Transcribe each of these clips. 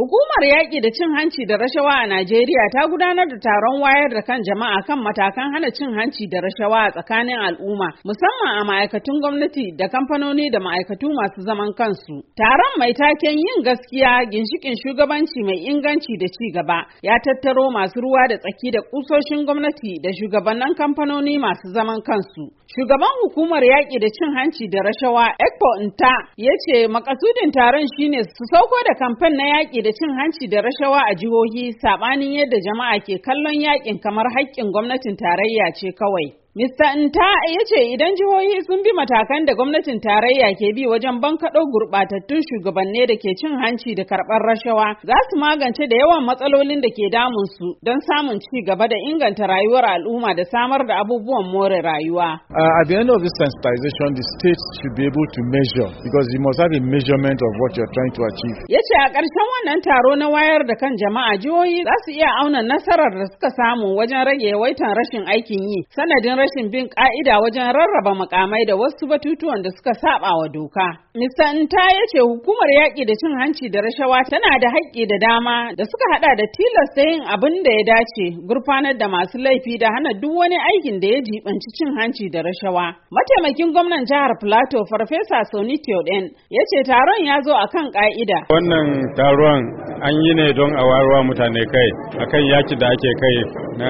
Hukumar yaƙi da cin hanci da rashawa a Najeriya ta gudanar da taron wayar da kan jama'a kan matakan hana cin hanci da rashawa a tsakanin al'umma, musamman a ma'aikatun gwamnati da kamfanoni da ma'aikatu masu zaman kansu. Taron mai taken yin gaskiya ginshikin shugabanci mai inganci da ci gaba ya tattaro masu ruwa da tsaki da kusoshin gwamnati da shugabannin kamfanoni masu zaman kansu. Shugaban hukumar yaƙi da cin hanci da rashawa Ekpo Nta ya ce makasudin taron shine su sauko da kamfen na yaƙi da cin hanci da rashawa a jihohi saɓanin yadda jama'a ke kallon yakin kamar haƙƙin gwamnatin tarayya ce kawai. Mista Nta ya ce idan jihohi sun bi matakan da gwamnatin tarayya ke bi wajen bankaɗo gurɓatattun shugabanni da ke cin hanci da karɓar rashawa za su magance da yawan matsalolin da ke damunsu don samun ci gaba da inganta rayuwar al'umma da samar da abubuwan more rayuwa. Uh, at the end of this sensitization, the state should be able to measure because you must have a measurement of what you're trying to achieve. Ya ce a ƙarshen wannan taro na wayar da kan jama'a jihohi za su iya auna nasarar da suka samu wajen rage yawaitan rashin aikin yi sanadin rashin bin ka'ida wajen rarraba makamai da wasu batutuwan da suka saba wa doka. Mr. Nta ya ce hukumar yaƙi da cin hanci da rashawa tana da haƙƙi da dama da suka haɗa da tilasta yin abin da ya dace, gurfanar da masu laifi da hana duk wani aikin da ya jibanci cin hanci da rashawa. Mataimakin gwamnan jihar Plateau Farfesa Soni Teoden ya ce taron ya zo akan ka'ida. Wannan taron an yi ne don a warwa mutane kai akan yaƙi da ake kai na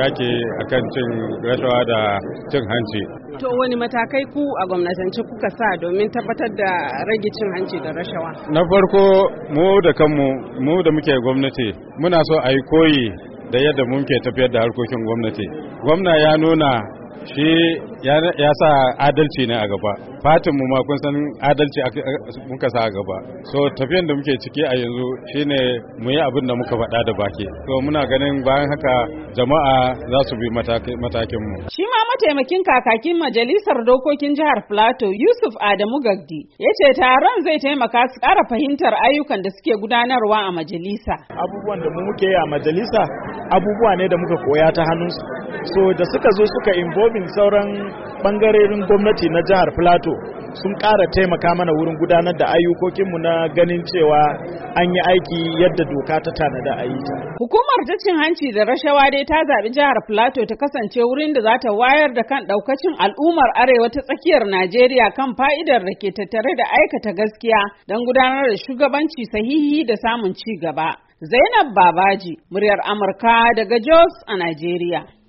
yaki kan cin rashawa da cin hanci. To wani matakai ku a gwamnatance kuka sa domin tabbatar da rage cin hanci da rashawa? Na farko mu da kanmu mu da muke gwamnati muna so a yi koyi da yadda muke tafiyar da harkokin gwamnati. Gwamna ya nuna shi ya sa adalci ne a gaba fatin mu ma kun san adalci muka sa a gaba so tafiyan da muke ciki a yanzu shine mu yi abin da muka faɗa da baki so muna ganin bayan haka jama'a za su bi matakin mu shi ma mataimakin kakakin majalisar dokokin jihar Plateau Yusuf Adamu Gagdi ya ce taron zai taimaka su ƙara fahimtar ayyukan da suke gudanarwa a majalisa abubuwan da muke yi a majalisa abubuwa ne da muka koya ta hannunsu so da suka zo suka involving sauran bangarorin gwamnati na jihar plateau sun ƙara taimaka mana wurin gudanar da ayyukokinmu na ganin cewa an yi aiki yadda doka ta tanada a yi ta. Hukumar ta hanci da rashawa dai ta zaɓi jihar Plateau ta kasance wurin da za ta wayar da kan ɗaukacin al'ummar arewa ta tsakiyar Najeriya kan fa'idar da ke tattare da aikata gaskiya don gudanar da shugabanci sahihi da samun ci gaba. Zainab Babaji, muryar Amurka daga Jos a Najeriya.